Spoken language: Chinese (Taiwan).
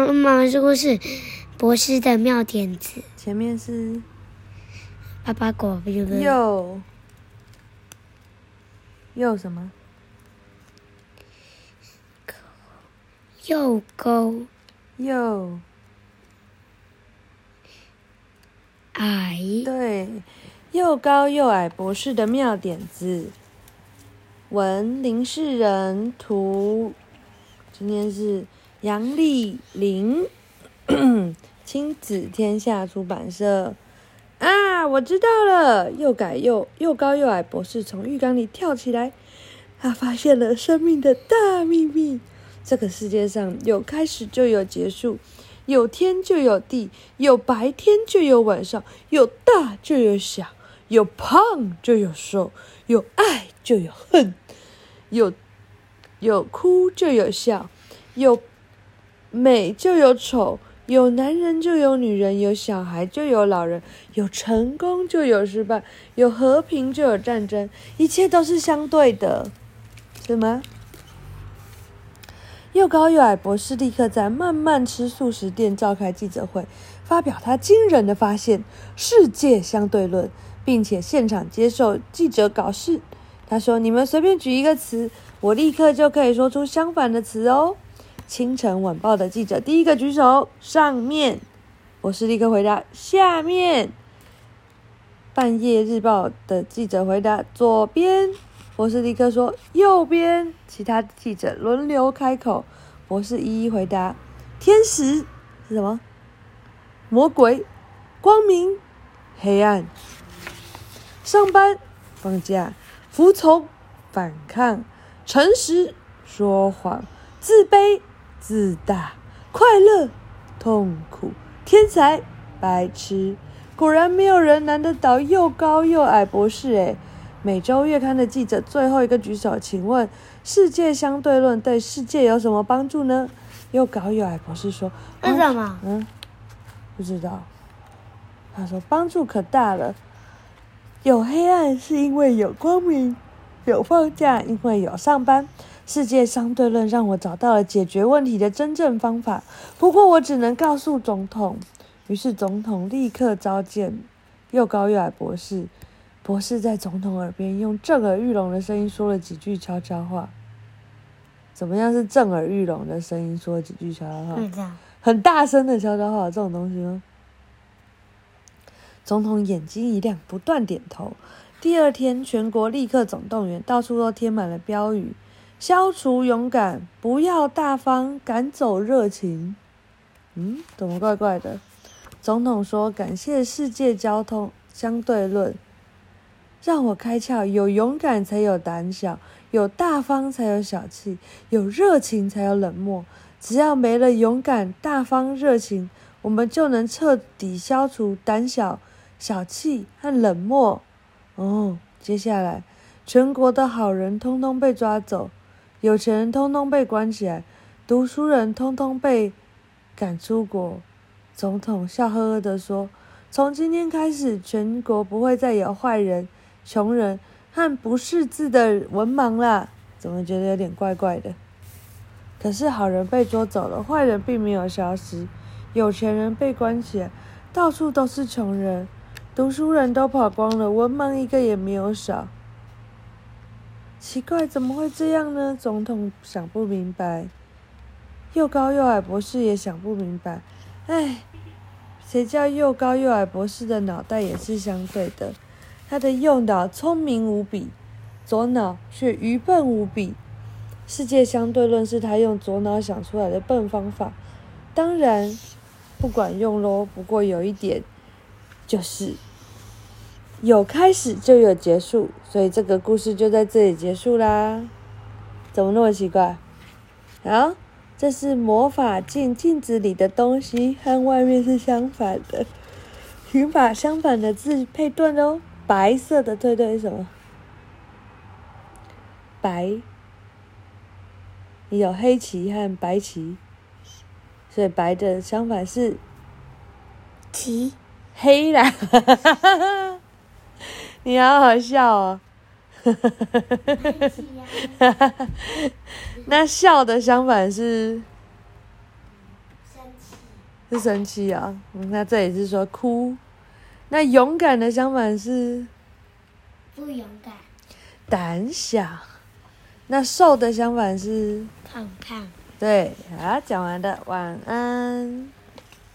媽媽這個是博士的妙點子。前面是巴巴國，對不對？又又什麼？又高又矮。對，又高又矮，博士的妙點子。文林世仁圖，今天是。楊麗玲， 親子天下出版社啊，我知道了。又改又又高又矮博士從浴缸裡跳起來，他發現了生命的大祕密。這個世界上有開始就有結束，有天就有地，有白天就有晚上，有大就有小，有胖就有瘦，有愛就有恨，有有哭就有笑，有。美就有醜，有男人就有女人，有小孩就有老人，有成功就有失敗，有和平就有戰爭，一切都是相對的，是嗎？又高又矮博士立刻在慢慢吃素食店召開記者會，發表他驚人的發現——世界相對論，並且現場接受記者搞事。他說：“你們隨便舉一個詞，我立刻就可以說出相反的詞哦。”清晨晚報的記者第一個舉手，上面，博士立刻回答；下面，半夜日報的記者回答，左邊，博士立刻說；右邊，其他記者輪流開口，博士一一回答。天使是什麼？魔鬼？光明？黑暗？上班？放假？服從？反抗？誠實？說謊？自卑？自大、快樂、痛苦、天才、白痴，果然沒有人難得倒，又高又矮博士，誒。每周月刊的記者最後一個舉手，請問世界相對論對世界有什麼幫助呢？又高又矮博士說：“為什麼？嗯？”嗯，不知道。他說幫助可大了，有黑暗是因為有光明，有放假因為有上班。世界相對論讓我找到了解決問題的真正方法。不過我只能告訴總統。於是總統立刻召見又高又矮博士。博士在總統耳邊用震耳欲聾的聲音說了幾句悄悄話。怎麼樣是震耳欲聾的聲音說了幾句悄悄話？很大聲的悄悄話這種東西嗎？總統眼睛一亮，不斷點頭。第二天全國立刻總動員，到處都貼滿了標語。消除勇敢，不要大方，趕走熱情。嗯，怎麼怪怪的？總統說：“感謝世界交通相對論，讓我開竅。有勇敢才有膽小，有大方才有小氣，有熱情才有冷漠。只要沒了勇敢、大方、熱情，我們就能徹底消除膽小、小氣和冷漠。”哦，接下來全國的好人通通被抓走。有錢人通通被關起來，讀書人通通被趕出國。總統笑呵呵地說：“從今天開始，全國不會再有壞人、窮人和不識字的文盲啦。”怎麼覺得有點怪怪的？可是好人被捉走了，壞人並沒有消失。有錢人被關起來，到處都是窮人，讀書人都跑光了，文盲一個也沒有少。奇怪，怎麼會這樣呢？總統想不明白。又高又矮博士也想不明白。唉，誰叫又高又矮博士的腦袋也是相對的？他的右腦聰明無比，左腦卻愚笨無比。世界相對論是他用左腦想出來的笨方法，當然不管用嘍。不過有一點，就是。有開始就有結束，所以這個故事就在這裡結束啦。怎麼那麼奇怪？啊，這是魔法鏡，鏡子裡的東西和外面是相反的，請把相反的字配對哦。白色的對對什麼？白，你有黑棋和白棋，所以白的相反是棋黑啦。 你好好笑哦， 那笑的相反是，生氣是生氣啊、哦。那這裡是說哭。那勇敢的相反是，不勇敢，膽小。那瘦的相反是胖胖。對，好，講完了。晚安。